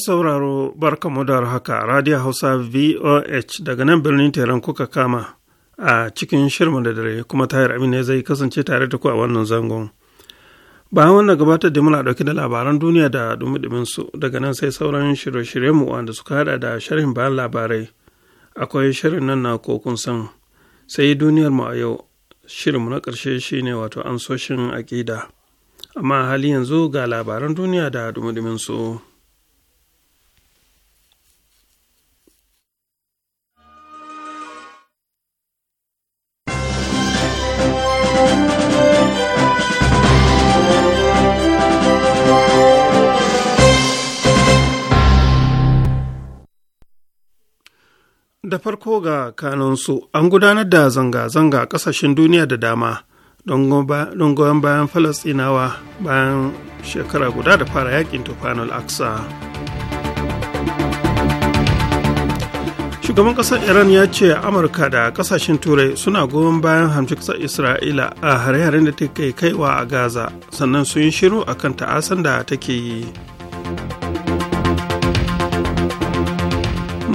masu sauraro barkamu da haka radio hausa voh daga nan birnin teran kuka kama a cikin shirma da dare kuma tayar amina zai kasance tare da ku a wannan zangon bayan wannan gabatar da muna ɗauki da labaran duniya da dumi su daga nan sai sauran shirye mu wanda suka hada da sharhin bayan labarai akwai shirin nan na kokun san sai duniyar mu a yau shirinmu na ƙarshe shine wato ansoshin aƙida amma hali yanzu ga labaran duniya da dumi su. Da farko ga kanunsu an gudanar da zanga-zanga a ƙasashen duniya da dama don goyon bayan Falasɗinawa bayan shekara guda da fara yakin tufanul aksa. Shugaban ƙasar Iran ya ce Amurka da ƙasashen Turai suna goyon bayan hamshi ƙasar Isra'ila a hare-haren da take kaiwa a Gaza sannan sun yi shiru akan ta'asan da take yi.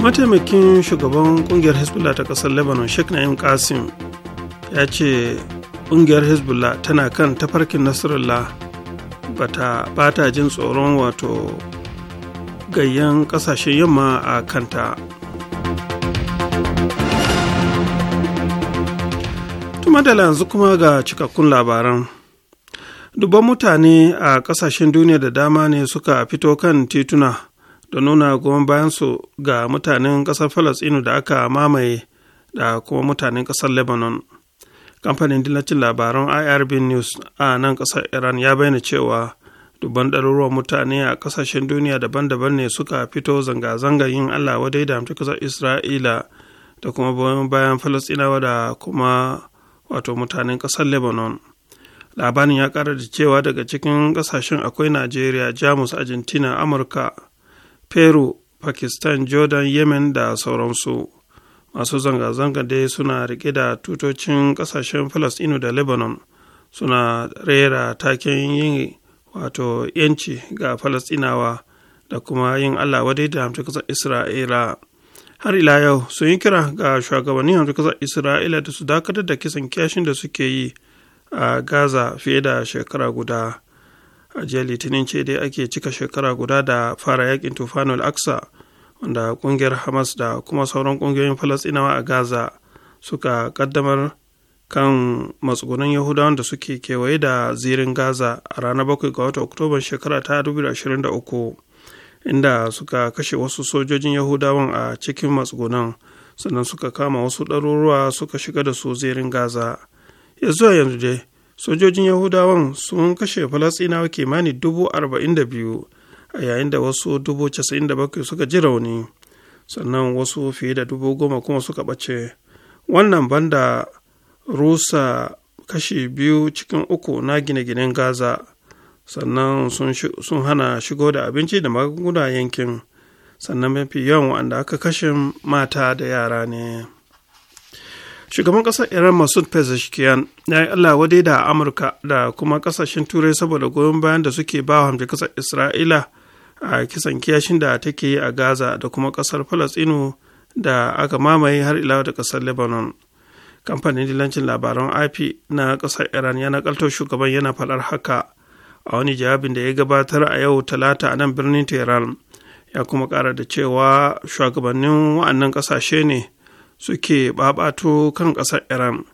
mataimakin shugaban kungiyar hezbollah ta kasar lebanon sheikh na'im kasim ya ce kungiyar hezbollah tana kan tafarkin nasarallah bata bata jin tsoron wato gayyan kasashen yamma a kanta madala yanzu kuma ga cikakkun labaran dubban mutane a kasashen duniya da dama ne suka fito kan tituna da nuna bayan bayansu ga mutanen ƙasar Falasɗinu da aka mamaye da kuma mutanen ƙasar Lebanon. Kamfanin dillacin labaran IRB News a nan ƙasar Iran ya bayyana cewa dubban ɗaruruwan mutane a ƙasashen duniya daban-daban ne suka fito zanga-zangar yin Allah wadai da hamci ƙasar Isra'ila da kuma bayan falasinawa da kuma wato mutanen ƙasar Lebanon. Labarin ya ƙara da cewa daga cikin ƙasashen akwai Najeriya, Jamus, Argentina, Amurka, peru pakistan jordan yemen da sauransu masu zanga-zanga dai suna rike da tutocin kasashen palestino da lebanon suna rera taken yin wato yanci ga falastinawa da kuma yin allah wadai da hamtar kasar isra'ila har ila yau sun yi kira ga shugabannin hamtar kasar isra'ila da su dakatar da kisan kyashin da suke yi a gaza fiye da shekara guda a jiya litinin ce dai ake cika shekara guda da fara yakin tufanul aksa wanda kungiyar hamas da kuma sauran kungiyoyin falasinawa a gaza suka kaddamar kan matsugunan yahudawan da suke kewaye da zirin gaza a ranar 7 ga wata oktobar shekara ta 2023 inda suka kashe wasu sojojin yahudawan a cikin matsugunan sannan suka kama wasu ɗaruruwa suka shiga da su zirin gaza ya yanzu dai sojojin yahudawan sun kashe falasinawa kimanin dubu arba'in da biyu a yayin da wasu dubu casa'in da bakwai suka ji rauni sannan wasu fiye da dubu goma kuma suka ɓace wannan banda rusa kashi biyu cikin uku na gine-ginen gaza sannan sun hana shigo da abinci da magunguna yankin sannan mafi yawan wanda aka kashe mata da yara ne. shugaban ƙasar iran masu pezeshkian ya yi allah wadai da amurka da kuma ƙasashen turai saboda goyon bayan da suke ba wa ƙasar isra'ila a kisan kiyashin da take yi a gaza da kuma ƙasar falastinu da aka mamaye har ila da ƙasar lebanon kamfanin dilancin labaran ip na ƙasar iran ya kaltar shugaban yana faɗar haka a wani jawabin da ya gabatar a yau talata a nan birnin tehran ya kuma ƙara da cewa shugabannin wa'annan ƙasashe ne suke babato kan ƙasar iran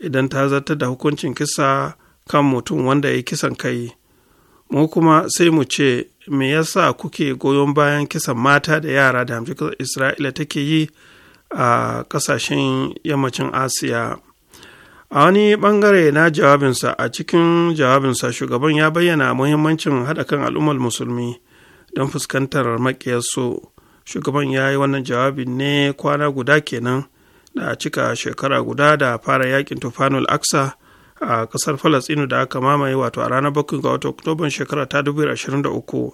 idan ta zartar da hukuncin kisa kan mutum wanda ya kisan kai mu kuma sai mu ce me yasa kuke goyon bayan kisan mata da yara da hamshin isra'ila take yi a ƙasashen yammacin asiya a wani ɓangare na jawabinsa a cikin jawabinsa shugaban ya bayyana muhimmancin haɗa kan al'ummar musulmi don fuskantar maƙiyarsu shugaban ya yi wannan jawabin ne kwana guda kenan da cika shekara guda da fara yakin tufanul aksa a kasar falastinu da aka mamaye wato a ranar bakwai ga wata oktoban shekara ta 2023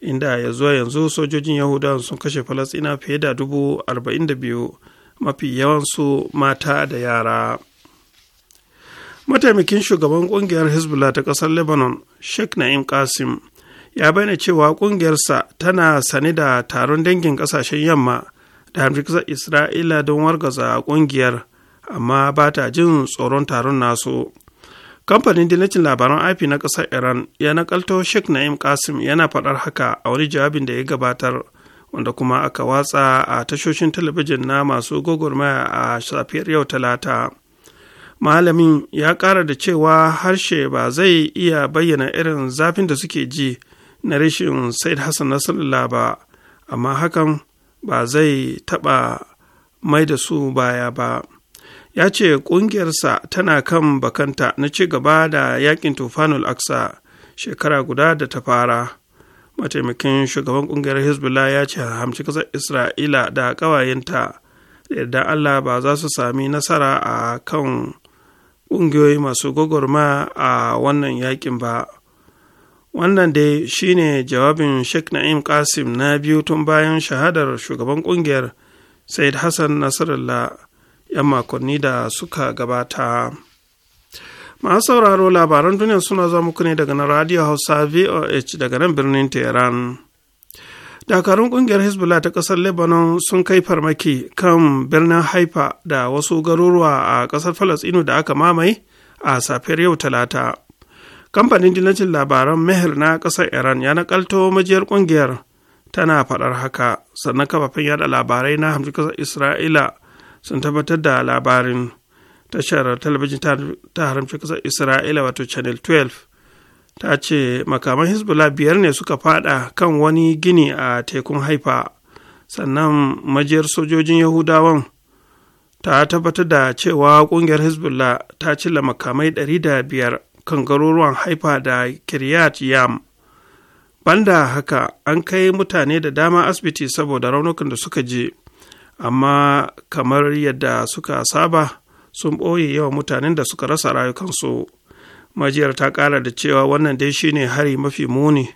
inda ya zuwa yanzu sojojin yahudawan sun kashe falastina fiye da dubu arba'in da biyu mafi yawansu mata da yara mataimakin shugaban kungiyar hezbollah ta kasar lebanon sheikh na'im kasim ya bayyana cewa ƙungiyarsa tana sane da taron dangin ƙasashen yamma da amurka isra'ila don wargaza ƙungiyar amma ba ta jin tsoron taron nasu kamfanin dillacin labaran ip na ƙasar iran ya nakalto sheikh na'im kasim yana faɗar haka a wani jawabin da ya gabatar wanda kuma aka watsa a tashoshin talabijin na masu gwagwarmaya a safiyar yau talata malamin ya ƙara da cewa harshe ba zai iya bayyana irin zafin da suke ji na rashin said hassan nasarallah ba amma hakan ba zai taɓa mai da su baya ba ya ce ƙungiyarsa tana kan bakanta na ci gaba da yakin tufanul aksa shekara guda da ta fara mataimakin shugaban ƙungiyar hezbollah ya ce hamci ƙasar isra'ila da ƙawayenta da yadda allah ba za su sami nasara a kan ƙungiyoyi masu gwagwarma a wannan yakin ba wannan dai shine jawabin sheikh na'im qasim na biyu tun bayan shahadar shugaban kungiyar said hassan nasarallah yan makonni da suka gabata masu sauraro labaran duniya suna zuwa muku ne daga na radio hausa voh daga nan birnin tehran dakarun kungiyar hezbollah ta kasar lebanon sun kai farmaki kan birnin haifa da wasu garuruwa a kasar falasinu da aka mamaye a safiyar yau talata kamfanin dillacin labaran mehr na ƙasar iran ya nakalto majiyar ƙungiyar tana faɗar haka sannan kafafen yada labarai na hamsin ƙasar isra'ila sun tabbatar da labarin tashar talabijin ta haramci ƙasar isra'ila wato channel 12 ta ce makaman hezbollah biyar ne suka fada kan wani gini a tekun haifa sannan majiyar sojojin yahudawan ta tabbatar da cewa ƙungiyar hezbollah ta cilla makamai 500 kan garuruwan haifa da kiryat yam banda haka an kai mutane da dama asibiti saboda raunukan da suka je amma kamar yadda suka saba sun ɓoye yawa mutanen da suka rasa rayukansu majiyar ta ƙara da cewa wannan dai shine hari mafi muni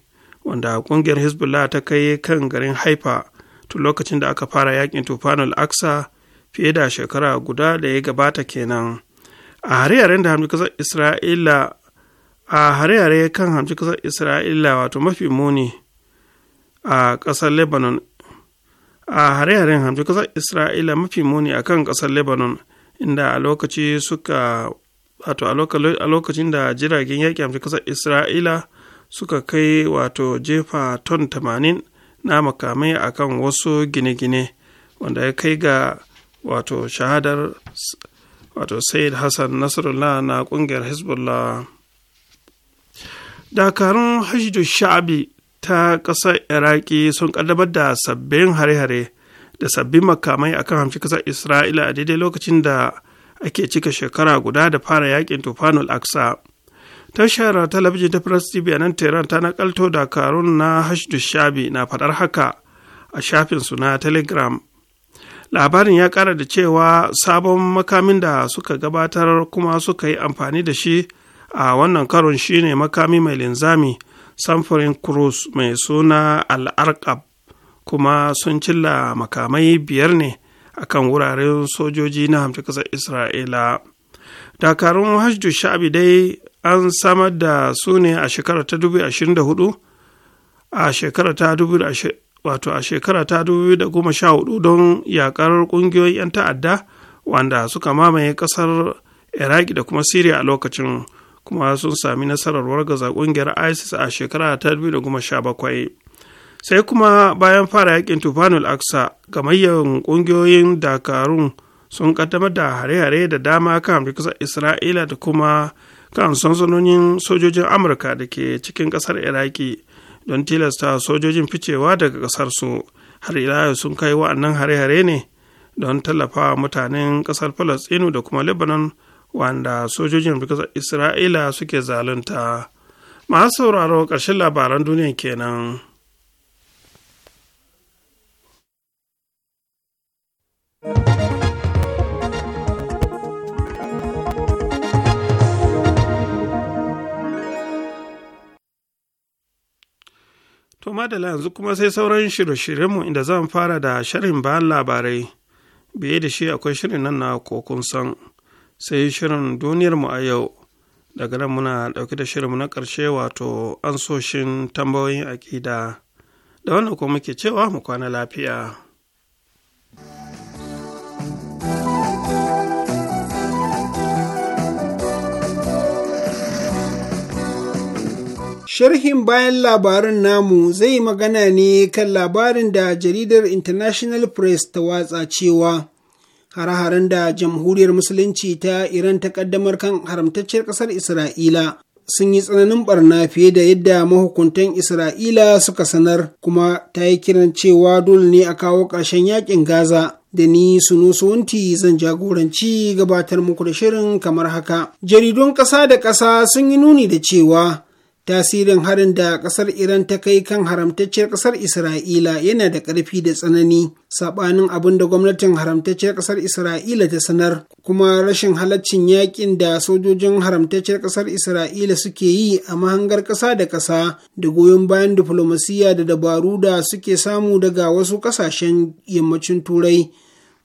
wanda ƙungiyar hezbollah ta kai kan garin haifa tun lokacin da aka fara yakin tufanul aksa fiye da shekara guda da ya gabata kenan a hare-haren da hamji kasar isra'ila a hare-hare kan hamji kasar isra'ila wato mafi muni a kasar lebanon a hare-haren hamji kasar isra'ila mafi muni a kan kasar lebanon inda a lokaci suka wato a lokacin da jiragen yaƙi hamji kasar isra'ila suka kai wato jefa ton tamanin na makamai a kan wasu gine-gine wanda ya kai ga wato shahadar wato said hassan nasarullah na kungiyar hezbollah dakarun hajjidu sha'abi ta ƙasar iraki sun ƙaddamar da sabbin hare-hare da sabbin makamai akan hamshi ƙasar isra'ila a daidai lokacin da ake cika shekara guda da fara yakin tufanul aksa tashar talabijin ta press tv a nan tehran ta nakalto dakarun na hashdu shabi na faɗar haka a shafin su na telegram labarin ya kara da cewa sabon makamin da suka gabatar kuma suka yi amfani da shi a wannan karon shine makami mai linzami samfurin cruise mai suna al'arkab kuma sun cilla makamai biyar ne akan wuraren sojoji na hamsin kasa isra'ila dakarun hajju sha'abi dai an samar da su ne a shekara ta 2024 a shekara ta wato a shekara ta 2014 don yakar ƙungiyoyin 'yan ta'adda wanda suka mamaye ƙasar iraki da kuma siriya a lokacin kuma sun sami nasarar wargaza ƙungiyar isis a shekara ta 2017 sai kuma bayan fara yakin tufanul aksa gamayyar ƙungiyoyin dakarun sun kaddamar da hare-hare da dama kan rikisar isra'ila da kuma kan sansanonin sojojin amurka da ke cikin ƙasar iraki don tilasta sojojin ficewa daga ƙasarsu har ila sun kai wa'annan hare-hare ne don tallafa mutanen ƙasar falastinu da kuma lebanon wanda sojojin isra'ila suke zalunta masu sauraro ƙarshen labaran duniya kenan. thank you To madala yanzu kuma sai sauran shirye-shiryenmu inda zan fara da shirin bayan labarai. Biye da shi akwai shirin nan na kokun san sai shirin duniyarmu a yau. Daga nan muna ɗauke da shirinmu na ƙarshe wato ansoshin tambayoyin aƙida. Da wannan kuma muke cewa mu kwana lafiya. Sharhin bayan labarin namu zai magana ne kan labarin da jaridar International Press ta watsa cewa hare-haren da jamhuriyar musulunci ta Iran ta kaddamar kan haramtacciyar ƙasar Isra'ila sun yi tsananin barna fiye da yadda mahukuntan Isra'ila suka sanar kuma ta yi kiran cewa dole ne a kawo ƙarshen yakin Gaza da ni suno suwanti zan jagoranci gabatar muku da shirin kamar haka. Jaridun ƙasa da ƙasa sun yi nuni da cewa tasirin harin da kasar iran ta kai kan haramtacciyar kasar isra'ila yana da ƙarfi da tsanani saɓanin abin da gwamnatin haramtacciyar kasar isra'ila ta sanar kuma rashin halaccin yakin da sojojin haramtacciyar kasar isra'ila suke yi a mahangar ƙasa da ƙasa da goyon bayan diflomasiyya da dabaru da suke samu daga wasu ƙasashen yammacin turai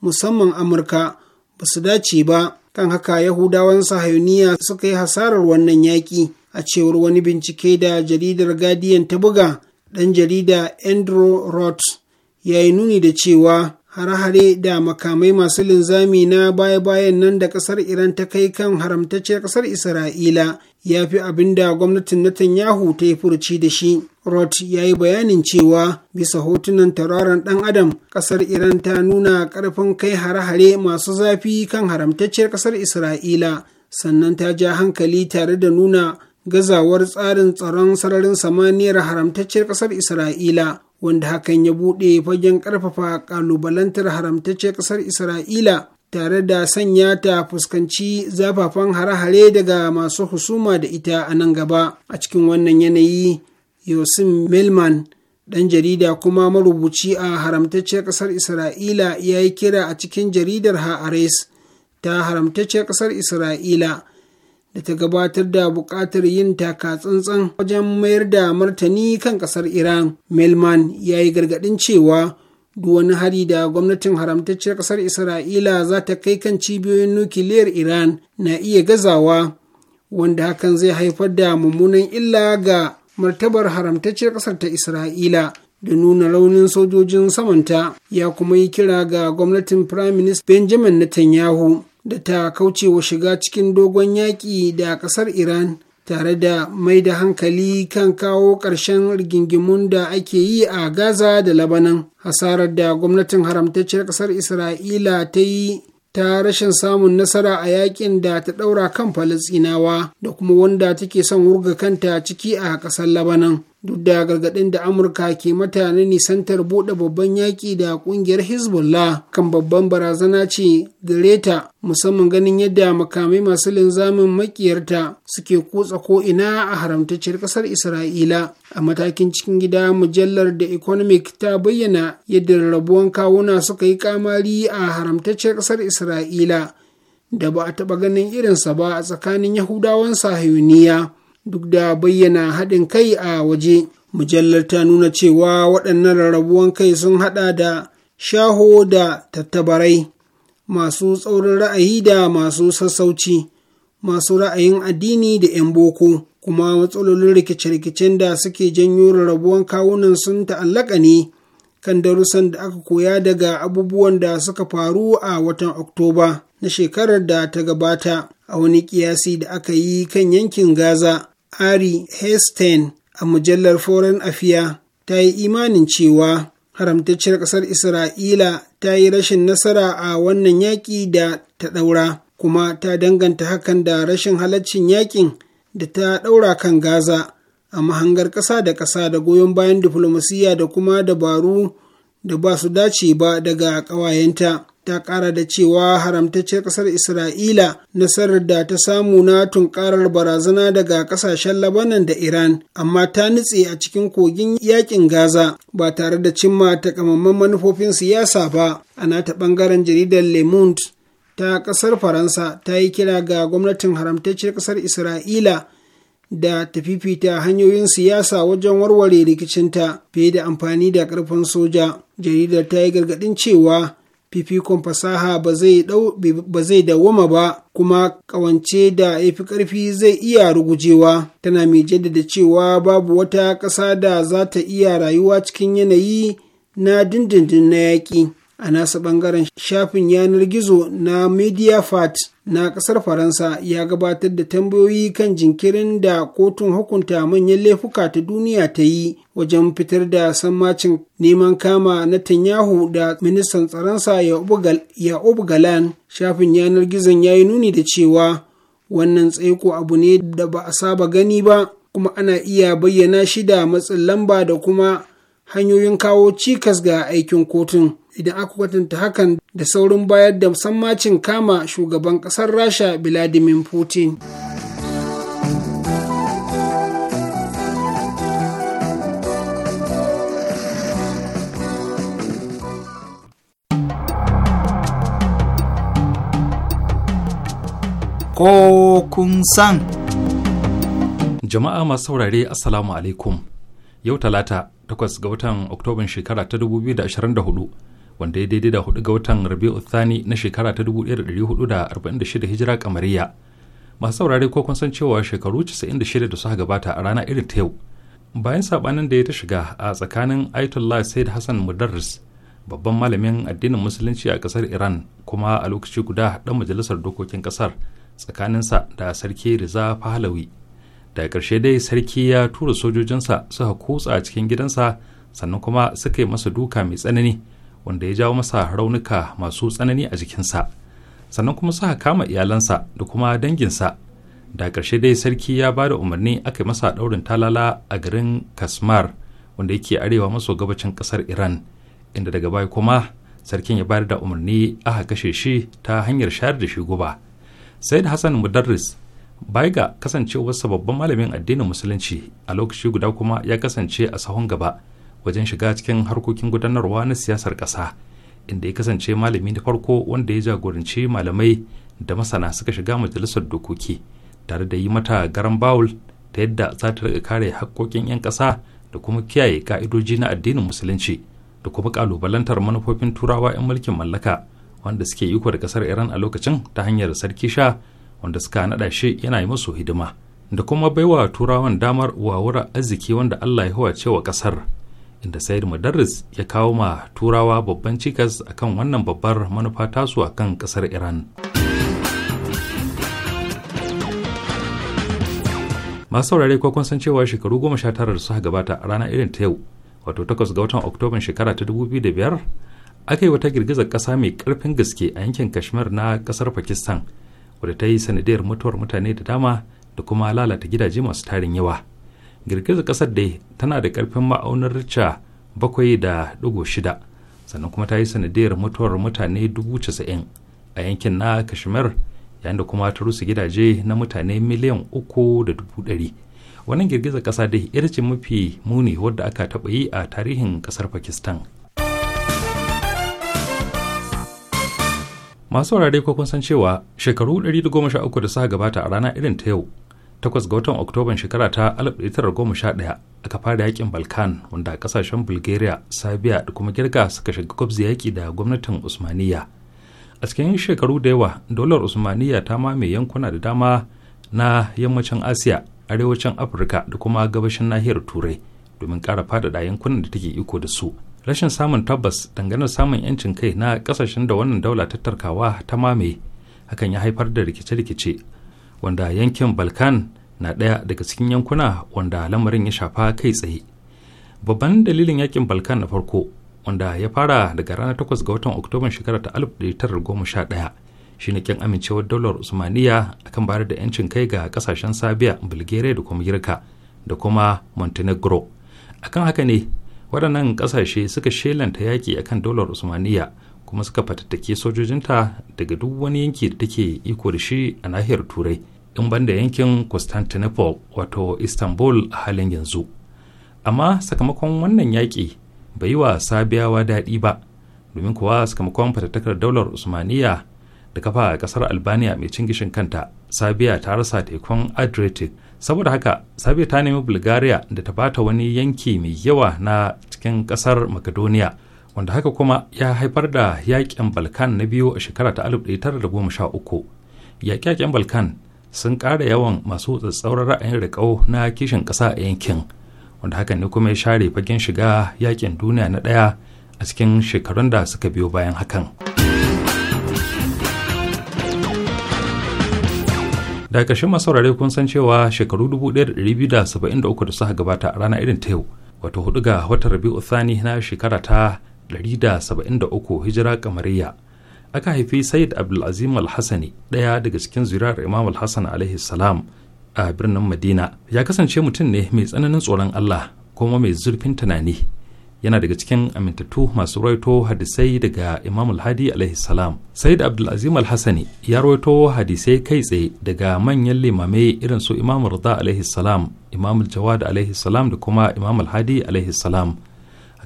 musamman amurka ba su dace ba kan haka yahudawan sahayuniya suka yi hasarar wannan yaƙi a cewar wani bincike da jaridar guardian ta buga ɗan jarida andrew roth ya yi nuni da cewa hare-hare da makamai masu linzami na baya-bayan nan da ƙasar iran ta kai kan haramtacciyar ƙasar isra'ila ya fi abin da gwamnatin Netanyahu ta yi furuci da shi. Roth ya yi bayanin cewa bisa hotunan tauraron ɗan adam ƙasar Iran ta nuna ƙarfin kai hare-hare masu zafi kan haramtacciyar ƙasar Isra'ila sannan ta ja hankali tare da nuna gazawar tsarin tsaron sararin samaniyar haramtacciyar ƙasar isra'ila wanda hakan ya buɗe fagen ƙarfafa ƙalubalantar haramtacciyar ƙasar isra'ila tare da sanya ta fuskanci zafafan hare-hare daga masu husuma da ita a nan gaba a cikin wannan yanayi yosin melman ɗan jarida kuma marubuci a haramtacciyar ƙasar isra'ila ya yi kira a cikin jaridar ha'ares ta haramtacciyar ƙasar isra'ila da ta gabatar da buƙatar yin taka tsantsan wajen mayar da martani kan ƙasar iran melman ya yi gargaɗin cewa duk wani hari da gwamnatin haramtacciyar ƙasar isra'ila za ta kai kan cibiyoyin nukiliyar iran na iya gazawa wanda hakan zai haifar da mummunan illa ga martabar haramtacciyar ƙasar ta isra'ila da nuna raunin sojojin samanta ya kuma yi kira ga gwamnatin Prime Minister Benjamin Netanyahu da ta kaucewa shiga cikin dogon yaƙi da ƙasar Iran tare da mai da hankali kan kawo ƙarshen rigingimun da ake yi a Gaza da Labanan. Hasarar da gwamnatin haramtacciyar ƙasar Isra'ila ta yi ta rashin samun nasara a yaƙin da ta ɗaura kan Falasɗinawa da kuma wanda take son wurga kanta ciki a ƙasar Labanan. duk da gargaɗin da amurka ke mata nisantar buɗe babban yaƙi da ƙungiyar hezbollah kan babban barazana ce gare musamman ganin yadda makamai masu linzamin maƙiyarta suke kutsa ko'ina a haramtacciyar ƙasar isra'ila a matakin cikin gida mujallar da economic ta bayyana yadda rabuwan kawuna suka yi kamari a haramtacciyar ƙasar isra'ila da ba a taɓa ganin irinsa ba a tsakanin yahudawan sahiyoniya duk da bayyana haɗin kai a waje mujallar ta nuna cewa waɗannan rarrabuwan kai sun haɗa da shaho da tattabarai masu tsaurin ra'ayi da masu sassauci masu ra'ayin addini da 'yan boko kuma matsalolin rikice-rikicen da suke janyo rarrabuwan kawunan sun ta'allaka ne kan darussan da aka koya daga abubuwan da suka faru a watan Oktoba na shekarar da ta gabata a wani kiyasi da aka yi kan yankin Gaza Ari Hesten a mujallar Foreign afiya, ta yi imanin cewa haramtacciyar ƙasar Isra'ila ta yi rashin nasara a wannan yaƙi da ta ɗaura, kuma ta danganta hakan da rashin halaccin yaƙin da ta ɗaura kan Gaza a mahangar ƙasa da ƙasa da goyon bayan diflomasiyya da kuma dabaru da ba su dace ba daga ƙawayenta. ta ƙara da cewa haramtacciyar ƙasar isra'ila nasarar da ta samu na tunkarar barazana daga ƙasashen labanan da iran amma ta nutse a cikin kogin yakin gaza ba tare da cimma takamaman manufofin siyasa ba ana ta ɓangaren jaridar le monde ta ƙasar faransa ta yi kira ga gwamnatin haramtacciyar ƙasar isra'ila da ta fifita hanyoyin siyasa wajen warware rikicinta fiye da amfani da ƙarfin soja jaridar ta yi gargaɗin cewa fifikon fasaha ba zai dawwama ba kuma kawance da ya fi ƙarfi zai iya rugujewa tana mai jaddada cewa babu wata ƙasa da za ta iya rayuwa cikin yanayi na dindindin na yaƙi a nasa ɓangaren shafin yanar gizo na mediafat na ƙasar faransa ya gabatar da tambayoyi kan jinkirin da kotun hukunta manyan laifuka ta duniya ta yi wajen fitar da sammacin neman kama na tanyahu da ministan tsaronsa ya obgalan shafin yanar gizon ya yi nuni da cewa wannan tsaiko abu ne da ba a saba gani ba kuma ana iya bayyana shi da matsin lamba da kuma hanyoyin kawo cikas ga aikin kotun idan aka kwatanta hakan da saurin bayar da musammacin kama shugaban ƙasar rasha biladimin putin ko kun san. Jama'a masu saurare Assalamu alaikum. Yau talata takwas ga watan Oktoban shekara ta 2024 wanda ya daidai da hudu ga watan rabi'u thani na shekara ta 1446 hijira kamariya masu saurare ko kun san cewa shekaru 96 da suka gabata a rana irin ta yau bayan sabanin da ya ta shiga a tsakanin ayatollah said hassan mudarris babban malamin addinin musulunci a kasar iran kuma a lokaci guda dan majalisar dokokin kasar sa da sarki riza da daga ƙarshe dai sarki ya tura sojojinsa suka kutsa a cikin gidansa sannan kuma suka yi masa duka mai tsanani wanda ya jawo masa raunuka masu tsanani a jikinsa sannan kuma suka kama iyalansa da kuma danginsa da ƙarshe dai sarki ya ba da umarni aka yi masa ɗaurin talala a garin kasmar wanda yake arewa maso gabacin ƙasar iran inda daga baya kuma sarkin ya bayar da umarni aka kashe shi ta hanyar shayar da shi guba sayyid hassan mudarris baya ga kasancewarsa babban malamin addinin musulunci a lokaci guda kuma ya kasance a sahun gaba wajen shiga cikin harkokin gudanarwa na siyasar ƙasa inda ya kasance malami na farko wanda ya jagoranci malamai da masana suka shiga majalisar dokoki tare da yi mata garan bawul ta yadda za ta kare haƙƙoƙin 'yan ƙasa da kuma kiyaye ka'idoji na addinin musulunci da kuma ƙalubalantar manufofin turawa 'yan mulkin mallaka wanda suke iko da ƙasar iran a lokacin ta hanyar sarki sha wanda suka naɗa shi yana yi musu hidima da kuma baiwa turawan damar wawura arziki wanda allah ya huwace wa ƙasar inda sayid madaris ya kawo ma turawa babban cikas akan wannan babbar manufa tasu a kan kasar iran masu saurare ko kun san cewa shekaru goma sha tara da suka gabata a rana irin ta yau wato takwas ga watan oktoban shekara ta dubu da biyar aka yi wata girgizar kasa mai karfin gaske a yankin kashmir na kasar pakistan wadda ta yi sanadiyar mutuwar mutane da dama da kuma lalata gidaje masu tarin yawa girgizar kasar dai tana da karfin ma'aunar rica bakwai da digo shida sannan kuma ta yi sanadiyar mutuwar mutane dubu casa'in a yankin na kashmir yayin da kuma ta rusa gidaje na mutane miliyan uku da dubu ɗari wannan girgizar kasa dai ita ce mafi muni wadda aka taɓa yi a tarihin kasar pakistan masu wurare ko cewa shekaru 113 da suka gabata a rana irin ta yau 8 ga watan oktoban shekara ta 1911 aka fara yakin balkan wanda kasashen bulgaria sabiya da kuma girka suka shiga kwabzi yaki da gwamnatin usmaniya a cikin shekaru da yawa dolar usmaniya ta mame yankuna da dama na yammacin asiya arewacin afirka da kuma gabashin nahiyar turai domin kara faɗaɗa yankunan da take iko da su rashin samun tabbas dangane samun yancin kai na kasashen da wannan daula ta tarkawa ta mame hakan ya haifar da rikice-rikice wanda yankin balkan na ɗaya daga cikin yankuna wanda lamarin ya shafa kai tsaye babban dalilin yakin balkan na farko wanda ya fara daga ranar 8 ga watan oktoban shekarar ta 1911 shine kyan amincewar daular usmaniya akan bayar da yancin kai ga kasashen sabiya bulgaria da kuma girka da kuma montenegro akan haka ne waɗannan ƙasashe suka shelanta yaƙi akan daular usmaniya kuma suka fatattake sojojinta daga duk wani yanki da take iko da shi a nahiyar turai in banda yankin constantinople wato istanbul a halin yanzu amma sakamakon wannan yaƙi bai yi wa sabiyawa daɗi ba domin kuwa sakamakon fatattakar daular usmaniya da kafa a ƙasar albania mai cin gishin kanta sabiya ta rasa tekun adriatic saboda haka sabiya ta nemi bulgaria da ta bata wani yanki mai yawa na cikin ƙasar macedonia wanda haka kuma ya haifar da yakin balkan na biyu a shekara ta 1913 yaƙe-yaƙen balkan sun ƙara yawan masu tsatsauran ra'ayin riƙau na kishin ƙasa a yankin wanda haka ne kuma ya share fagen shiga yakin duniya na ɗaya a cikin shekarun da suka biyo bayan hakan daga ƙarshen masaurare kun san cewa shekaru 1273 da suka gabata a rana irin ta yau wato hudu ga watan rabi'u thani na shekara ta 173 hijira kamariya aka haifi sayyid abdulazim al-hassani ɗaya daga cikin zirar imam al-hassan alaihi salam a birnin madina ya kasance mutum ne mai tsananin tsoron allah kuma mai zurfin tunani yana daga cikin amintattu masu rawaito hadisai daga imam al-hadi alaihi salam sayyid abdulazim al-hassani ya rawaito hadisai kai tsaye daga manyan limamai irin su imam rida alaihi salam imam al-jawad alaihi salam da kuma imam al-hadi alaihi salam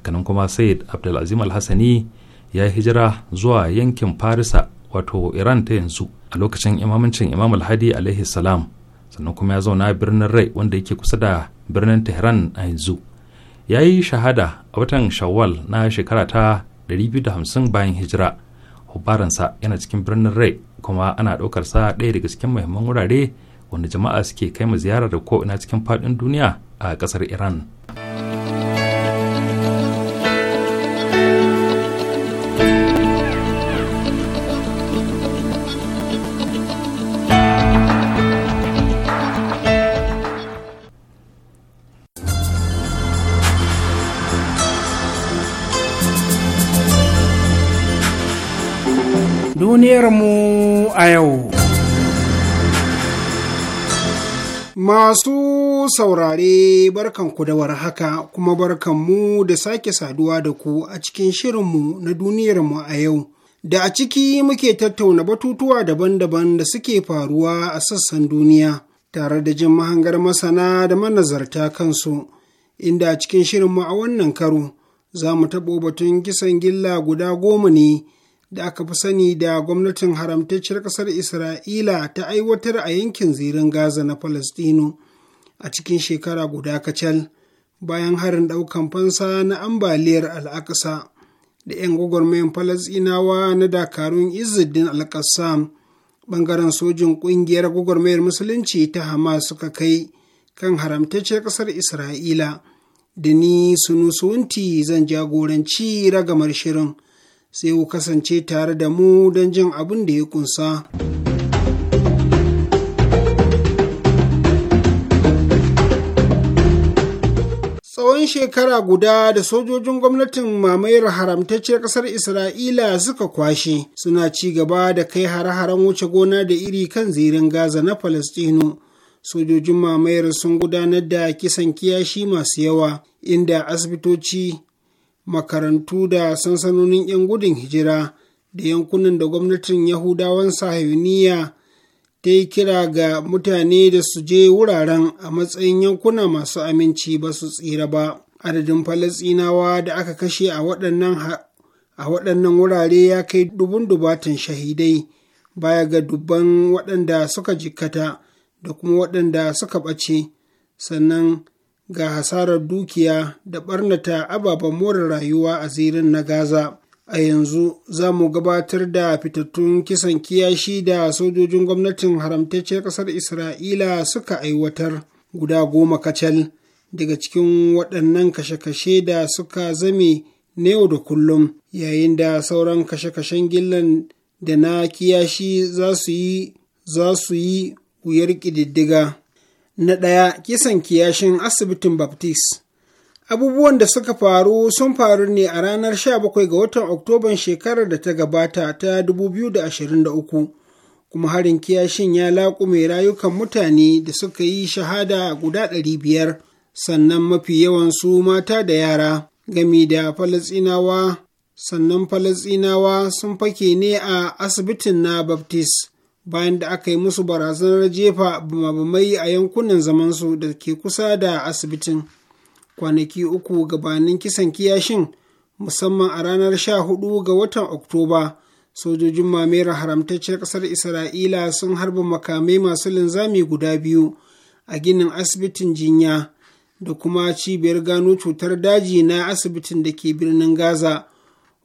hakanan kuma said abdulazim alhassani ya yi hijira zuwa yankin farisa wato iran ta yanzu a lokacin imamancin imam alhadi alaihi salam sannan kuma ya zauna birnin rai wanda yake kusa da birnin tehran a yanzu ya yi shahada a watan shawwal na shekara ta 250 bayan hijira hubbaransa yana cikin birnin rai kuma ana sa ɗaya daga cikin muhimman wurare wanda jama'a suke kai mu ziyara da ko ina cikin faɗin duniya a ƙasar iran mu a yau. Masu saurare barkanku da warhaka kuma barkanmu da sake saduwa da ku a cikin shirinmu na duniyarmu a yau. Da a ciki muke tattauna batutuwa daban-daban da suke faruwa a sassan duniya tare da jin mahangar masana da manazarta kansu, inda a cikin shirinmu a wannan karo za mu taɓo batun kisan gilla guda goma ne. da aka fi sani da gwamnatin haramtacciyar ƙasar isra'ila ta aiwatar a yankin zirin gaza na falastino a cikin shekara guda kacal bayan harin ɗaukan fansa na ambaliyar al'aƙasa da 'yan gwagwarmayan falasɗinawa na dakarun izidin qassam ɓangaren sojin ƙungiyar gwagwarmayar musulunci ta hamas suka kai kan haramtacciyar ƙasar isra'ila da ni sunusunti zan jagoranci ragamar shirin sai ku kasance tare da mu don jin abin da ya kunsa. tsawon shekara guda da sojojin gwamnatin mamayar haramtacciyar ƙasar isra'ila suka kwashe suna ci gaba da kai hare-haren wuce gona da iri kan zirin gaza na falastinu sojojin mamayar sun gudanar da kisan kiyashi masu yawa inda asibitoci makarantu da sansanonin 'yan gudun hijira da yankunan da gwamnatin yahudawan sahiyuniya ta yi kira ga mutane da su je wuraren a matsayin yankuna masu aminci ba su tsira ba adadin falasinawa da aka kashe a waɗannan a waɗannan wurare ya kai dubun dubatan shahidai baya ga dubban waɗanda suka jikkata da kuma waɗanda suka ɓace sannan ga hasarar dukiya da ɓarnata ababen more rayuwa a zirin na Gaza. A yanzu za mu gabatar da fitattun kisan kiyashi da sojojin gwamnatin haramtacciyar ƙasar Isra'ila suka aiwatar guda goma kacal daga cikin waɗannan kashe-kashe da suka zame na yau da kullum yayin da sauran kashe-kashen gillan da na kiyashi za su yi wuyar ƙididdiga. Na ɗaya, kisan kiyashin asibitin Baptist. Abubuwan da suka faru sun faru ne a ranar 17 ga watan Oktoban shekarar da ta gabata ta 2023, kuma harin kiyashin ya laƙume rayukan mutane da suka yi shahada guda 500, sannan mafi yawansu mata da yara, gami da Falasinawa, sannan Falasinawa sun fake ne a asibitin na Baptist. bayan da aka yi musu barazanar jefa bamabamai a yankunan zamansu da ke kusa da asibitin kwanaki uku gabanin kisan kiyashin musamman a ranar sha hudu ga watan oktoba sojojin mamera haramtacciyar ƙasar isra'ila sun harba makamai masu linzami guda biyu a ginin asibitin jinya da kuma cibiyar gano cutar daji na asibitin da ke birnin gaza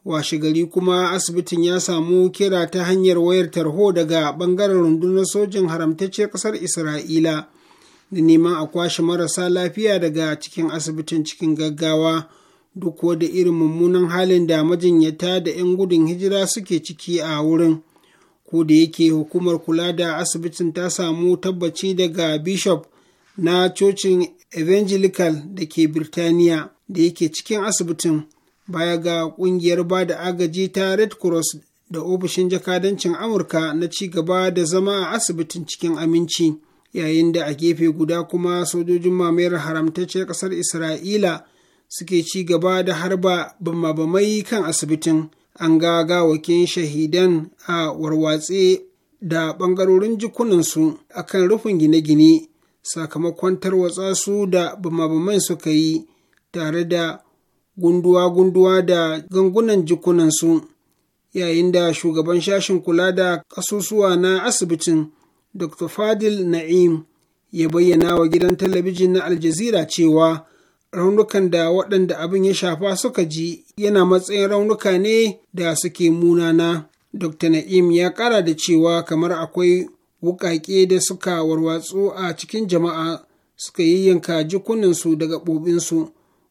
washegari kuma asibitin ya samu kira ta hanyar wayar tarho daga bangaren rundunar sojin haramtacciyar kasar isra'ila da neman a kwashe marasa lafiya daga cikin asibitin cikin gaggawa duk da irin mummunan halin da majinyata da 'yan gudun hijira suke ciki a wurin ko da yake hukumar kula da asibitin ta samu tabbaci daga bishop na cocin evangelical da ke birtaniya da yake cikin asibitin baya ga kungiyar ba da agaji ta red cross da ofishin jakadancin amurka na ci gaba da zama a asibitin cikin aminci yayin da a gefe guda kuma sojojin mamayar haramtacciyar ƙasar isra'ila suke ci gaba da harba bamabamai kan asibitin an ga gawakin shahidan a warwatse da ɓangarorin jikunansu a kan rufin gine-gine sakamakon tarwatsa su da bamabaman suka yi tare da gunduwa-gunduwa da gangunan jikunansu yayin da shugaban sashen kula da ƙasusuwa na asibitin dr fadil na'im ya bayyana wa gidan talabijin na aljazira cewa raunukan da waɗanda abin ya shafa suka ji yana matsayin raunuka ne da suke munana dr na'im ya ƙara da cewa kamar akwai wuƙaƙe da suka warwatsu a cikin jama'a suka yi yanka jikunansu daga ɓobinsu.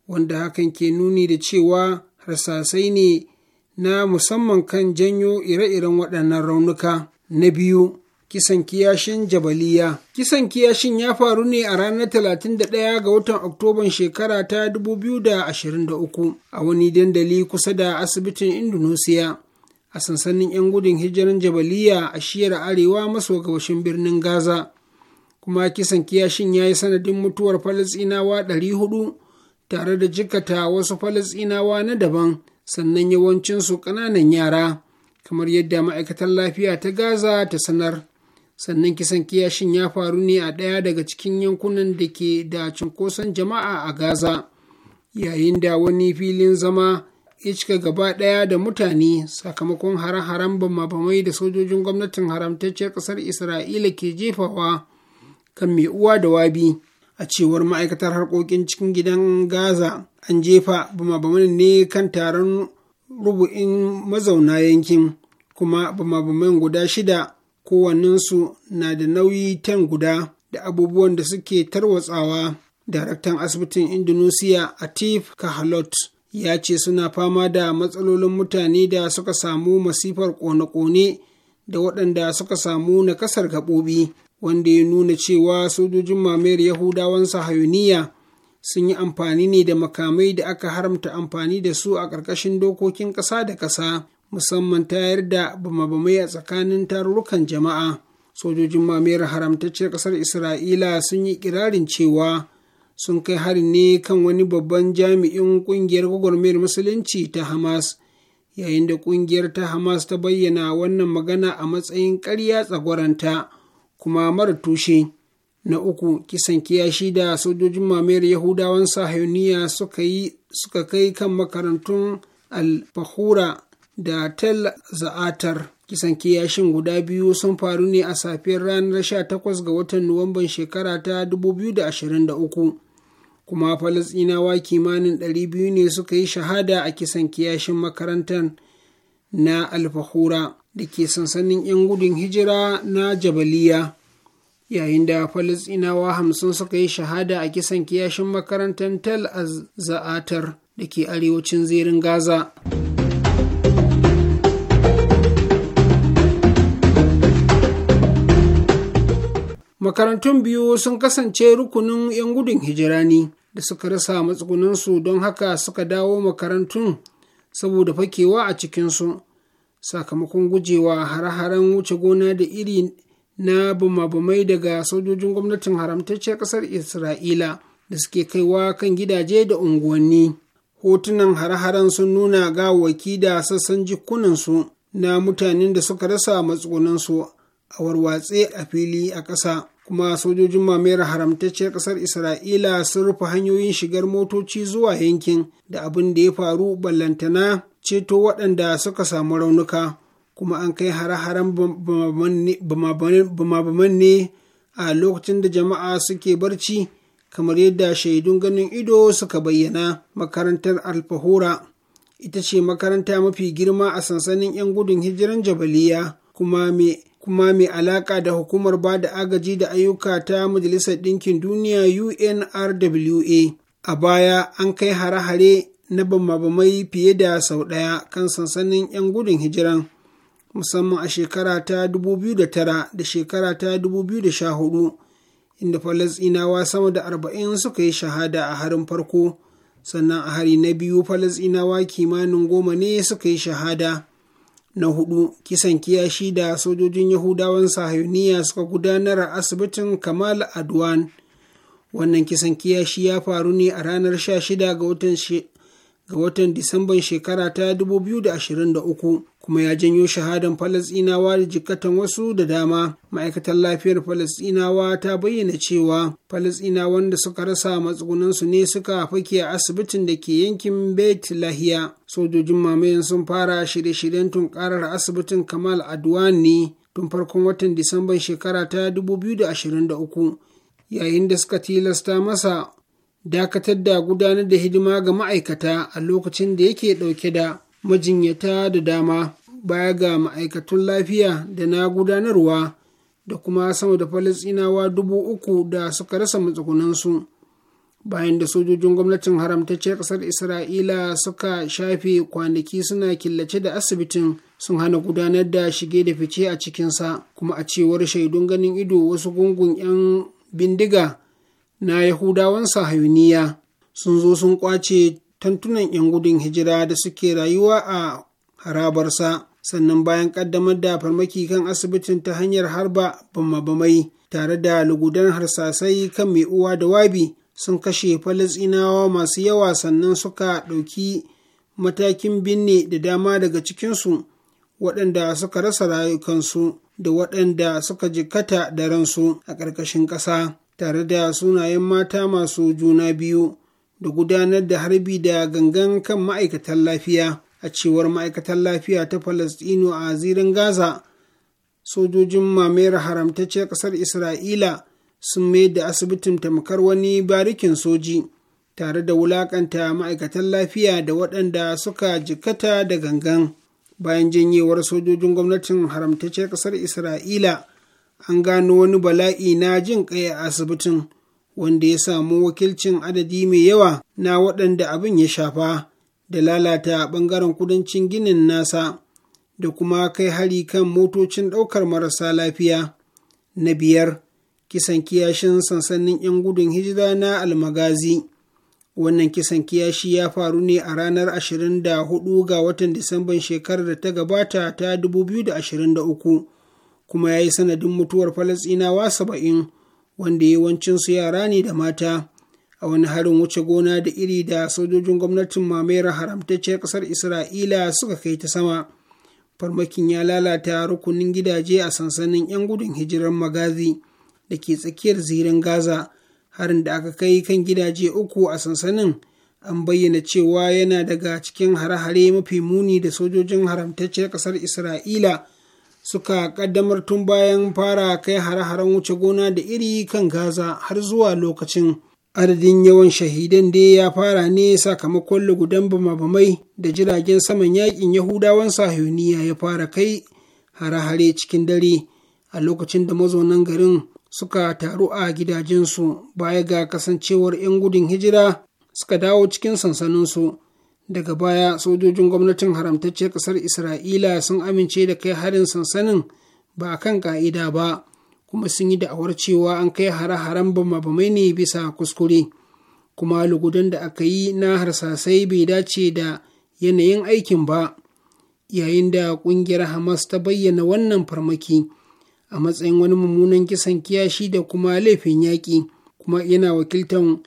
wanda hakan ke nuni da cewa harsasai ne na musamman kan janyo ire-iren waɗannan raunuka. Na biyu, kisan kiyashin Jabaliya. Kisan kiyashin ya faru ne a ranar 31 ga watan Oktoban shekara ta 2023 a wani dandali kusa da asibitin Indonesia a sansanin 'yan gudun hijiran Jabaliya a shiyar arewa maso gabashin birnin Gaza. Kuma kisan kiyashin ya yi sanadin mutuwar Falasinawa 400 tare da jikata wasu falasinawa na daban sannan yawancinsu ƙananan yara kamar yadda ma'aikatar lafiya ta gaza ta sanar sannan kisan kiyashin ya faru ne a ɗaya daga cikin yankunan da ke da cunkoson jama'a a gaza yayin da wani filin zama ya cika gaba ɗaya da mutane sakamakon hare-haren bama-bamai da sojojin gwamnatin haramtacciyar ƙasar isra'ila ke jefawa kan mai uwa da wabi. a cewar ma'aikatar harkokin cikin gidan gaza an jefa bama ne kan taron rubu'in mazauna yankin kuma bamabaman guda shida kowannensu na da nauyi tan guda da abubuwan da suke tarwatsawa daraktan asibitin indonesia atif kahalot ya ce suna fama da matsalolin mutane da suka samu masifar kone-kone da waɗanda suka samu na kasar gaɓoɓi wanda ya nuna cewa sojojin mamayar yahudawan sahayuniya sun yi amfani ne da makamai da aka haramta amfani da su a ƙarƙashin dokokin ƙasa da ƙasa musamman tayar da bama-bamai a tsakanin tarurrukan jama'a sojojin mamayar haramtacciyar ƙasar isra'ila sun yi ƙirarin cewa sun kai harin ne kan wani babban jami'in ƙungiyar gwagwarmayar musulunci ta hamas yayin da ƙungiyar ta hamas ta bayyana wannan magana a matsayin ƙarya tsagwaranta. kuma mara tushe na uku kisan kiyashi da sojojin mamayar yahudawan sahayoniya suka yi suka kai kan makarantun alfahura da tel za'atar kisan kiyashin guda biyu sun faru ne a safiyar ranar 18 ga watan nuwamban shekara ta 2023 kuma falasinawa kimanin 200 ne suka yi shahada a kisan kiyashin makarantar na alfahura da ke sansanin 'yan gudun hijira na jabaliya yayin da falisinawa hamsin suka yi shahada a kisan kiyashin makarantar tel za'atar da ke arewacin zirin gaza makarantun biyu sun kasance rukunin 'yan gudun hijira ne da suka rasa matsugunansu don haka suka dawo makarantun saboda fakewa a cikinsu sakamakon gujewa har-haren wuce gona da iri na bumabumai daga sojojin gwamnatin haramtacciyar ƙasar isra'ila da suke kaiwa kan gidaje da unguwanni hotunan har-haren sun nuna gawaki da sassan jikunansu na mutanen da suka rasa matsugunansu a warwatse a fili a ƙasa kuma sojojin mamayar haramtacciyar ƙasar isra'ila sun rufe hanyoyin shigar motoci zuwa yankin da abin da ya faru ballantana ceto waɗanda suka samu raunuka kuma an kai hare-haren bumabuman ne a lokacin da jama'a suke barci kamar yadda shaidun ganin ido suka bayyana makarantar alfahura ita ce makaranta mafi girma a sansanin 'yan gudun hijiran jabaliya kuma mai kuma mai alaka da hukumar ba da agaji da ayyuka ta majalisar ɗinkin duniya unrwa a baya an kai hare-hare na bamabamai fiye da sau ɗaya kan sansanin 'yan gudun hijiran musamman a shekara ta 2009 da shekara ta 2014 inda falasinawa sama da 40 suka yi shahada a harin farko sannan a hari na biyu falasinawa kimanin goma ne suka yi shahada na hudu kisan kiyashi da sojojin yahudawan sahayuniya suka gudanar a asibitin kamal adwan wannan kisan kiyashi ya faru ne a ranar 16 ga watan ga watan Disamban shekara ta 2023 kuma ya janyo shahadan Falasɗinawa da jikatan wasu da dama. Ma'aikatar lafiyar Falasɗinawa ta bayyana cewa Falasɗinawan da suka rasa matsugunansu ne suka fake a asibitin da ke yankin Beit Lahiya. Sojojin mamayen sun fara shirye-shiryen tunkarar asibitin Kamal Adwan ne tun farkon watan Disamban shekara ta 2023 yayin da suka tilasta masa dakatar da gudanar da hidima ga ma'aikata a lokacin da yake ɗauke da majinyata da dama baya ga ma'aikatun lafiya da na gudanarwa da kuma sama da falasinawa dubu uku da suka rasa matsugunansu bayan da sojojin gwamnatin haramtacce ƙasar isra'ila suka shafe kwanaki suna killace da asibitin sun hana gudanar da shige da fice a cikinsa kuma a cewar shaidun ganin ido wasu gungun 'yan bindiga na Yahudawan sahayuniya sun zo sun ƙwace tantunan 'yan gudun hijira da suke rayuwa a harabarsa sannan bayan ƙaddamar da farmaki kan asibitin ta hanyar harba bamabamai tare da lugudan harsasai kan mai uwa da wabi sun kashe falasinawa masu yawa sannan suka ɗauki matakin binne da dama daga cikinsu waɗanda suka rasa rayukansu da waɗanda suka jikkata da ransu a ƙarƙashin ƙasa tare da sunayen mata masu juna biyu da gudanar da harbi da gangan kan ma'aikatan lafiya a cewar ma'aikatan lafiya ta falastino a zirin gaza sojojin mamayar haramtacciyar ƙasar isra'ila sun mayar da asibitin tamkar wani barikin soji tare da wulaƙanta ma'aikatan lafiya da waɗanda suka jikkata da gangan bayan janyewar sojojin gwamnatin haramtacciyar ƙasar isra'ila an gano wani bala'i na jin kai a asibitin wanda ya samu wakilcin adadi mai yawa na waɗanda abin ya shafa da lalata ɓangaren kudancin ginin nasa da kuma kai hari kan motocin ɗaukar marasa lafiya na biyar kisan kiyashin sansanin 'yan gudun hijira na almagazi wannan kisan kiyashi ya faru ne a ranar 24 ga watan disamban shekarar da ta gabata ta 2023 kuma ya yi sanadin mutuwar falasinawa saba'in wanda yawancinsu yara ne da mata a wani harin wuce gona da iri da sojojin gwamnatin mamayar haramtacciyar ƙasar isra'ila suka kai ta sama farmakin ya lalata rukunin gidaje a sansanin 'yan gudun hijirar magazi da ke tsakiyar zirin gaza harin da aka kai kan gidaje uku a sansanin an bayyana cewa yana daga cikin hare-hare mafi muni da sojojin haramtacciyar ƙasar isra'ila suka kaddamar tun bayan fara kai hare-haren wuce gona da iri kan Gaza har zuwa lokacin. Adadin yawan shahidan da ya fara ne sakamakon lugudan bama-bamai da jiragen saman yakin Yahudawan Sahiyoniya ya fara kai hare-hare cikin dare a lokacin da mazaunan garin suka taru a gidajensu baya ga kasancewar 'yan gudun hijira suka dawo cikin sansaninsu. daga baya sojojin gwamnatin haramtacciyar ƙasar isra'ila sun amince da kai harin sansanin ba a kan ƙa'ida ba kuma sun yi da'awar cewa an kai hare-haren bama-bamai ne bisa kuskure kuma lugudan da aka yi na harsasai bai dace da yanayin aikin ba yayin da ƙungiyar hamas ta bayyana wannan farmaki a matsayin wani mummunan kisan kiyashi da kuma laifin yaƙi kuma yana wakiltan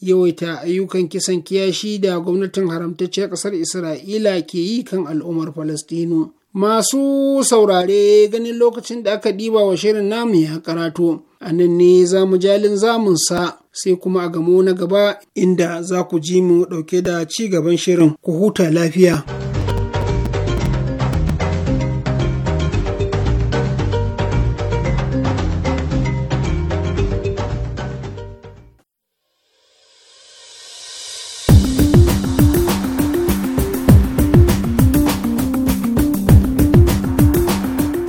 yawaita ayyukan kisan kiyashi da gwamnatin haramtacciyar ƙasar isra'ila ke yi kan al'ummar falastinu masu saurare ganin lokacin da aka ɗiba wa shirin namu ya karatu a nan ne za mu jalin zamunsa sai kuma a gamo na gaba inda za ku ji mu ɗauke da ci gaban shirin ku huta lafiya.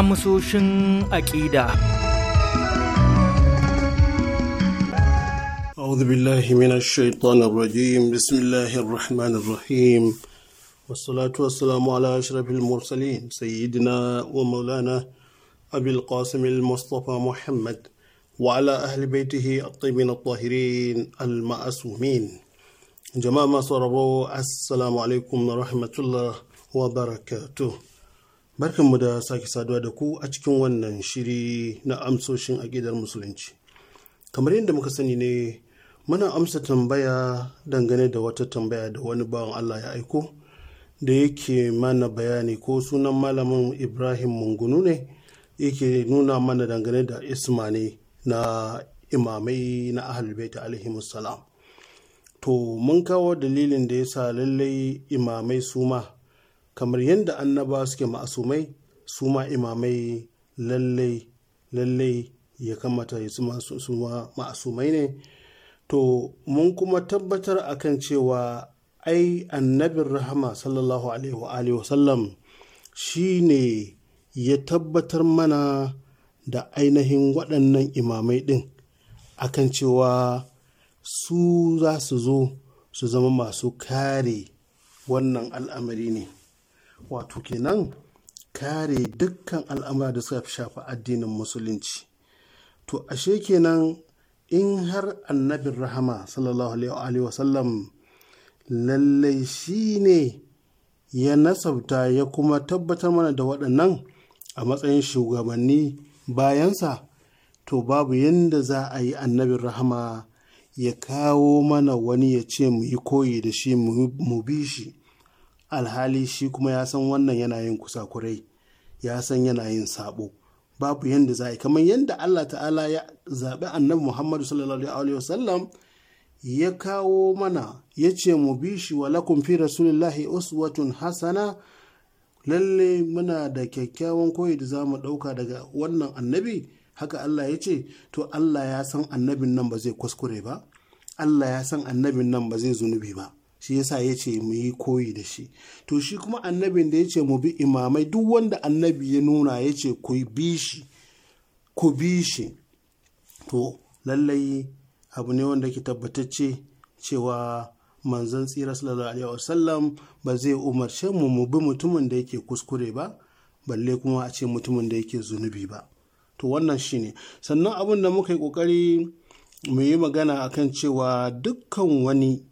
amsoshin aƙida. أعوذ بالله من الشيطان الرجيم بسم الله الرحمن الرحيم والصلاة والسلام على أشرف المرسلين سيدنا ومولانا أبي القاسم المصطفى محمد وعلى أهل بيته الطيبين الطاهرين المعصومين جماعة صربوا السلام عليكم ورحمة الله وبركاته Barkan mu da sake saduwa da ku a cikin wannan shiri na amsoshin aƙidar musulunci. Kamar yadda muka sani ne muna amsa tambaya dangane da wata tambaya da wani bawan Allah ya aiko da yake mana bayani ko sunan malamin Ibrahim Mungunu ne yake nuna mana dangane da ismani na imamai na ahalbaita alaihimus salam. To mun kawo dalilin da ya sa lallai imamai suma. kamar yadda annaba suke ma'asumai su ma imamai lallai lallai ya kamata su ma'asumai ne to mun kuma tabbatar akan cewa ai annabin rahama sallallahu alaihi wa sallam shi ne ya tabbatar mana da ainihin waɗannan imamai ɗin akan cewa su za su zo su zama masu kare wannan al'amari ne wato kenan kare dukkan al'amura da suka shafi addinin musulunci to ashe kenan in har annabin rahama sallallahu alaihi wasallam lallai shi ne ya nasauta ya kuma tabbatar mana da waɗannan a matsayin shugabanni bayansa to babu yadda za a yi annabin rahama ya kawo mana wani ya ce mu yi koyi da shi mu bi shi alhali shi kuma ya san wannan yana yin kurai ya san yana yin sabo babu yadda za a yi kamar yadda Allah ta'ala ya zaɓi annabi Muhammadu sallallahu alaihi wasallam ya kawo mana ya ce mu bi shi wa lakum fi rasulillahi uswatun hasana lalle muna da kyakkyawan koyi da za mu ɗauka daga wannan annabi haka Allah ya ce to Allah ya san annabin nan ba zai kuskure ba Allah ya san annabin nan ba zai zunubi ba shi yasa ya ce mu yi koyi da shi to shi kuma annabin da ya ce mu bi imamai duk wanda annabi ya nuna ya ce ku bi shi to lallai abu ne wanda ke tabbatacce cewa manzon tsira sallallahu alaihi wasallam ba zai umarce mu mu bi mutumin da yake kuskure ba balle kuma a ce mutumin da yake zunubi ba to wannan shine sannan abin da muka yi kokari mu yi magana akan cewa dukkan wani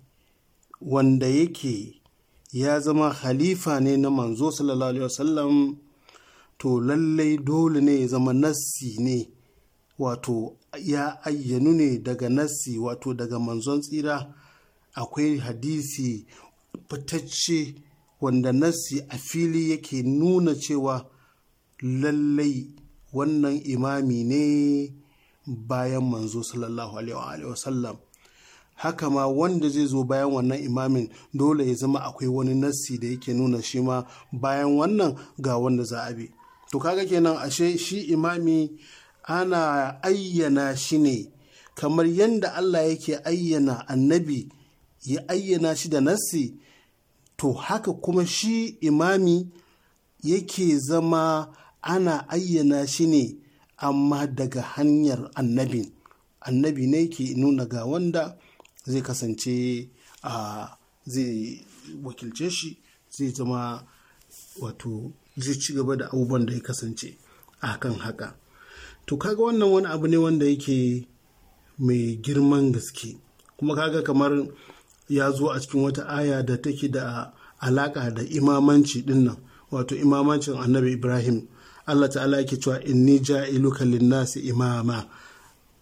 wanda yake ya zama halifa ne na manzo sallallahu alaihi wasallam to lallai dole ne ya zama nassi ne wato ya ayyanu ne daga nassi wato daga manzon tsira akwai hadisi fitacce wanda nassi a fili yake nuna cewa lallai wannan imami ne bayan manzo sallallahu alaihi wasallam haka ma wanda zai zo bayan wannan imamin dole ya zama akwai wani nassi da yake nuna shi ma bayan wannan ga wanda za a bi to kaga kenan ashe shi imami ana ayyana shi ne kamar yadda Allah yake ayyana annabi ya ayyana shi da nassi to haka kuma shi imami yake zama ana ayyana shi ne amma daga hanyar annabi annabi ne ke nuna ga wanda zai kasance a zai wakilce shi zai zama wato zai ci gaba da abubuwan da ya kasance a kan haka to kaga wannan wani abu ne wanda yake mai girman gaske kuma kaga kamar ya zo a cikin wata aya da take da alaka da imamanci dinnan wato imamancin annabi ibrahim allah ta'ala yake cewa inni ja'iluka linnasi imama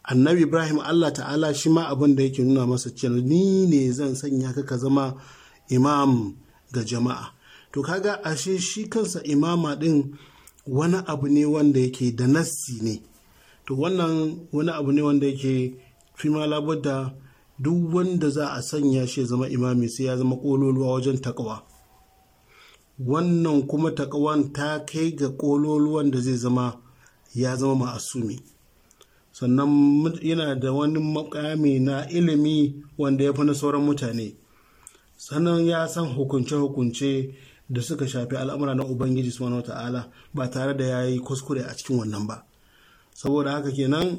annabi ibrahim allah ta'ala shi ma abin da yake nuna masa cewa ni ne zan sanya ka ka zama imam ga jama'a to kaga ashe shi kansa imama din wani abu ne wanda yake da nassi ne to wannan wani abu ne wanda yake fi ma duk wanda za a sanya shi zama imami sai ya zama kololuwa wajen takawa wannan kuma takawan ta kai ga kololuwan da zai zama ya zama ma'asumi. sannan yana da wani makami na ilimi wanda ya fi na sauran mutane sannan ya san hukunce-hukunce da suka shafi al'amura na ubangiji subhanahu ta'ala ba tare da ya yi kuskure a cikin wannan ba saboda haka kenan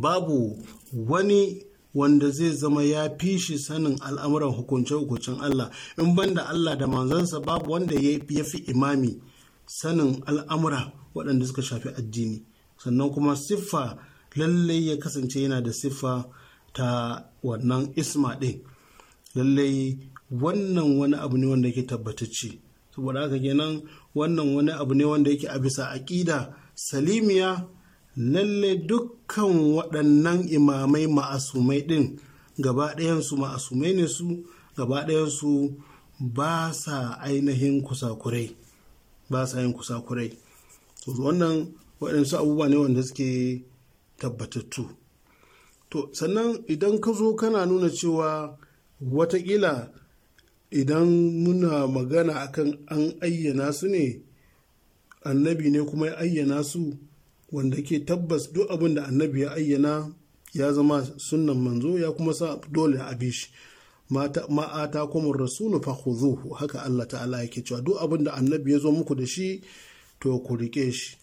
babu wani wanda zai zama ya fi shi sanin al'amuran hukunce-hukuncen Allah in banda Allah da manzansa babu wanda ya fi imami sanin al'amura waɗanda suka shafi addini sannan kuma siffa lallai ya kasance yana da siffa ta wannan isma ɗin lallai wannan wani abu ne wanda yake tabbatacce saboda haka kenan wannan wani abu ne wanda yake a bisa aƙida salimiya lallai dukkan waɗannan imamai ma'asumai ɗin gaba ɗayansu ma'asumai ne su gaba ɗayansu ba sa ainihin kusakurai ba sa yin kusakurai wannan waɗansu abubuwa ne wanda suke tabbatattu to sannan idan ka zo kana nuna cewa watakila idan muna magana akan an ayyana su ne annabi ne kuma ya ayyana su wanda ke tabbas duk abin da annabi ya ayyana ya zama sunnan manzo ya kuma sa dole a bi shi ma'ata kuma rasulu fa khudhuhu haka Allah ta'ala yake cewa duk abin da annabi ya zo muku da shi to ku rike shi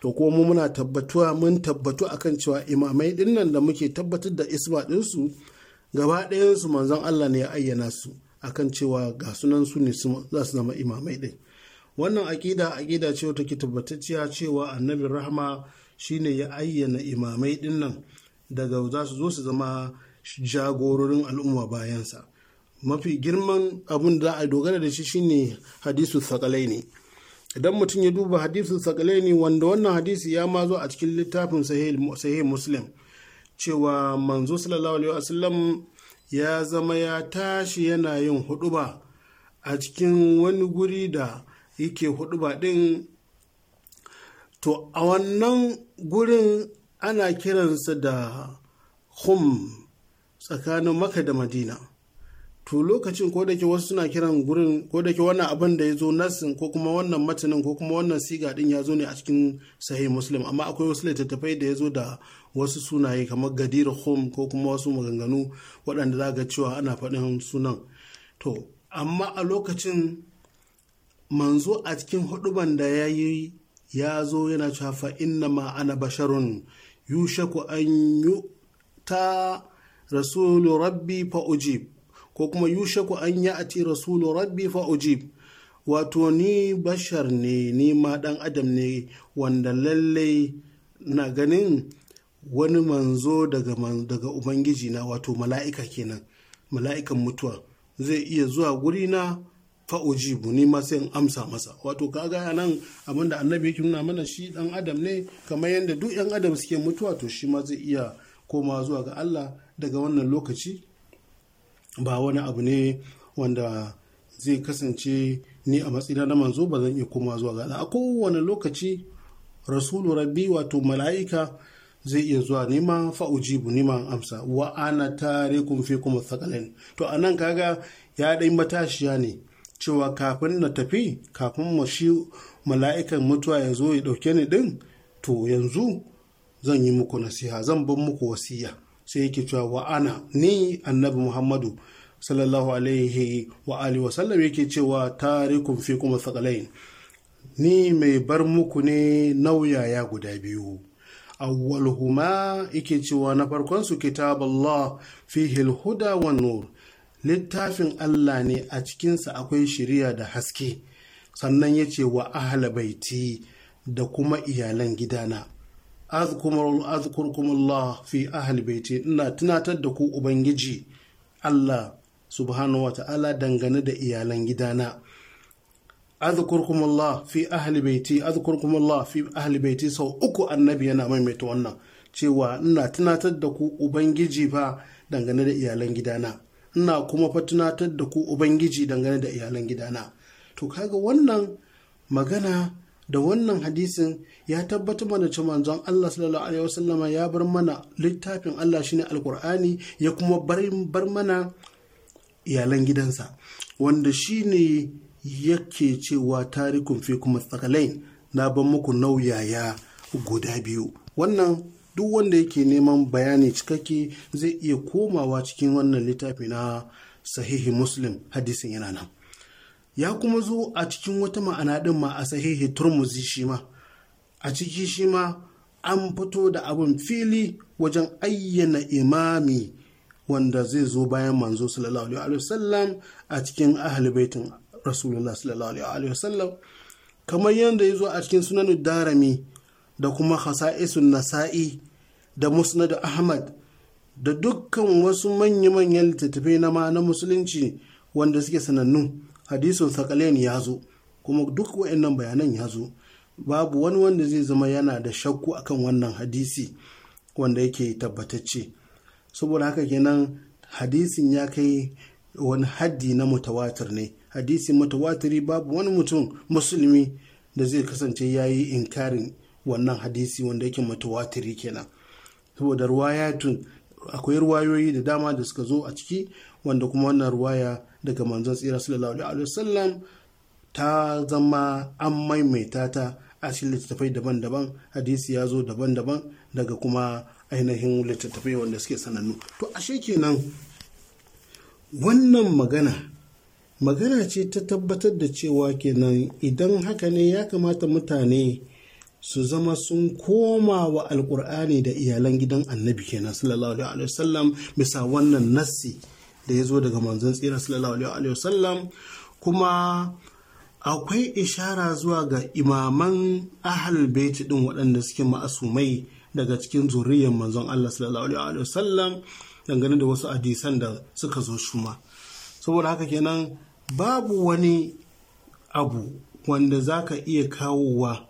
to kuma mu muna tabbatuwa mun tabbatu akan cewa imamai dinnan da muke tabbatar da isma ɗinsu gaba ɗayansu manzon Allah ne ya ayyana su akan cewa ga sunan su ne za su zama imamai ɗin wannan aƙida akida ce wata ke tabbatacciya cewa annabi rahma shine ya ayyana imamai dinnan daga za su zo su zama jagororin al'umma bayansa mafi girman abin da a dogara da shi shine hadisu sakalai ne idan mutum ya duba hadisin sakalaini wanda wannan hadisi ya mazo a cikin littafin sahih muslim cewa manzo sallallahu alaihi wasallam ya zama ya tashi yana yin huduba a cikin wani guri da yake huduba din to a wannan gurin ana kiransa da hum tsakanin maka da madina to lokacin ko da wasu suna kiran gurin ko da ke wannan abin da ya zo nassin ko kuma wannan matanin ko kuma wannan siga din ya zo ne a cikin sahih muslim amma akwai wasu littattafai da ya zo da wasu sunaye kamar gadir home ko kuma wasu maganganu waɗanda za ga cewa ana faɗin sunan to amma a lokacin manzo a cikin huduban da ya yi ya zo yana cewa fa inna ma ana basharun yushaku an ta rasulu rabbi fa ujib ko kuma ku an ya ti rasulu rabbi fa ujib wato ni bashar ne ni ma dan adam ne wanda lallai na ganin wani manzo daga, daga ubangiji na wato mala'ika kenan mala'ikan mutuwa zai iya zuwa gurina na ni ma sai amsa masa wato ka kaga nan abinda annabi yake nuna mana shi dan adam ne kamar yadda duk yan adam suke mutuwa to shi ma zai iya koma zuwa ga Allah daga wannan lokaci ba wani abu ne wanda zai kasance ni a matsina na manzo ba zan iya koma zuwa gada. a kowane lokaci rasulu rabbi wato mala'ika zai iya zuwa neman fa'ujibu neman amsa wa ana kun fi kuma tsakanin. to a nan kaga ya ɗai matashiya ne cewa kafin na tafi kafin mu shi mala'ikan mutuwa ya zo ya ɗauke ni ɗin to yanzu zan yi muku nasiha zan bar muku wasiya sai yake cewa wa ana ni annabi muhammadu sallallahu alaihi wa alihi wa sallam yake cewa tarikum fi kuma thaqalain ni mai bar muku ne nauyaya guda biyu awwalhuma yake cewa na farkon su kitab Allah fihi alhuda wan nur littafin Allah ne a cikinsa akwai shiriya da haske sannan yace ce wa ahla baiti da kuma iyalan gidana azkurkumullah fi ahli baiti ina tunatar da ku ubangiji Allah subhanahu wa ta'ala dangane da iyalan gidana azkurkumullah fi ahli baiti azkurkumullah fi ahli baiti sau uku annabi yana maimaita wannan cewa ina tunatar da ku ubangiji fa dangane da iyalan gidana ina kuma fa tunatar da ku ubangiji dangane da iyalan gidana to kaga wannan magana da wannan hadisin ya tabbatar mana cewa manzon Allah sallallahu alaihi wasallama ya bar mana littafin Allah shine alkur'ani ya kuma bar mana iyalan gidansa wanda shine yake cewa tarikum fi kuma tsakalain na ban muku nauyaya guda biyu wannan duk wanda yake neman bayani cikakke zai iya komawa cikin wannan littafi na sahihi muslim hadisin yana nan ya kuma zo a cikin wata ma'ana ɗin ma a sahihi turmuzi shi ma a ciki shi ma an fito da abin fili wajen ayyana imami wanda zai zo bayan manzo sallallahu alaihi wasallam a cikin ahli baitin rasulullah sallallahu alaihi wasallam kamar yadda ya zo a cikin sunan darami da kuma khasa'isun nasa'i da musnad ahmad da dukkan wasu manya-manyan littattafai na ma na musulunci wanda suke sanannu hadisin sakalen ya zo kuma duk wa'annan bayanan ya zo babu wani wanda zai zama yana da shakku akan wannan hadisi wanda yake tabbatacce saboda haka kenan hadisin ya kai wani haddi na mutawatir ne hadisin mutawatiri babu wani mutum musulmi da zai kasance ya yi inkarin wannan hadisi wanda yake mutawatiri kenan saboda tun akwai ruwayoyi da dama da suka zo a ciki wanda kuma wannan ruwaya daga manzon tsira sallallahu alaihi wasallam ta zama an maimaita ta a cikin littattafai daban-daban hadisi ya zo daban-daban daga kuma ainihin littattafai wanda suke sanannu to ashe kenan wannan magana magana ce ta tabbatar da cewa kenan idan haka ne ya kamata mutane su zama sun koma wa alkur'ani da iyalan gidan annabi kenan sallallahu alaihi wasallam bisa wannan nassi da ya zo daga manzon tsira sallallahu alaihi wasallam kuma akwai ishara zuwa ga imaman ahal baiti din waɗanda suke ma'asumai daga cikin zuriyar manzon Allah sallallahu alaihi wasallam dangane da wasu hadisan da suka zo shuma saboda haka kenan babu wani abu wanda zaka iya kawowa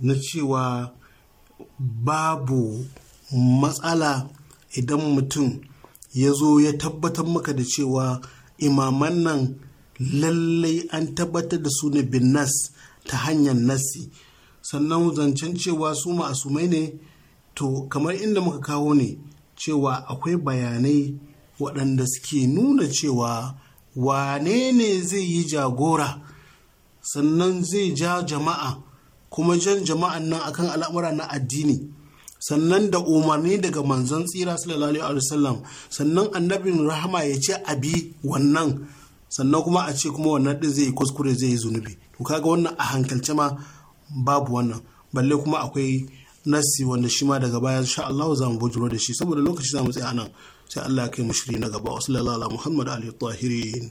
na cewa babu matsala idan mutum ya zo ya tabbatar maka da cewa imaman nan lallai an tabbatar da su ne bin ta hanyar nasi sannan zancen cewa su ma'asumai ne to kamar inda muka kawo ne cewa akwai bayanai waɗanda suke nuna cewa wane ne zai yi jagora sannan zai ja jama'a kuma jan jama'an nan akan al'amura na addini sannan da umarni daga manzon tsira sallallahu alaihi wasallam sannan annabin rahama ya ce a bi wannan sannan kuma a ce kuma wannan din zai kuskure zai yi zunubi to kaga wannan a hankalce ma babu wannan balle kuma akwai nassi wanda shi ma daga baya insha Allah za mu bujuro da shi saboda lokaci za mu tsaya nan sai Allah ya kai mu shiri na gaba sallallahu alaihi muhammad wa tahirin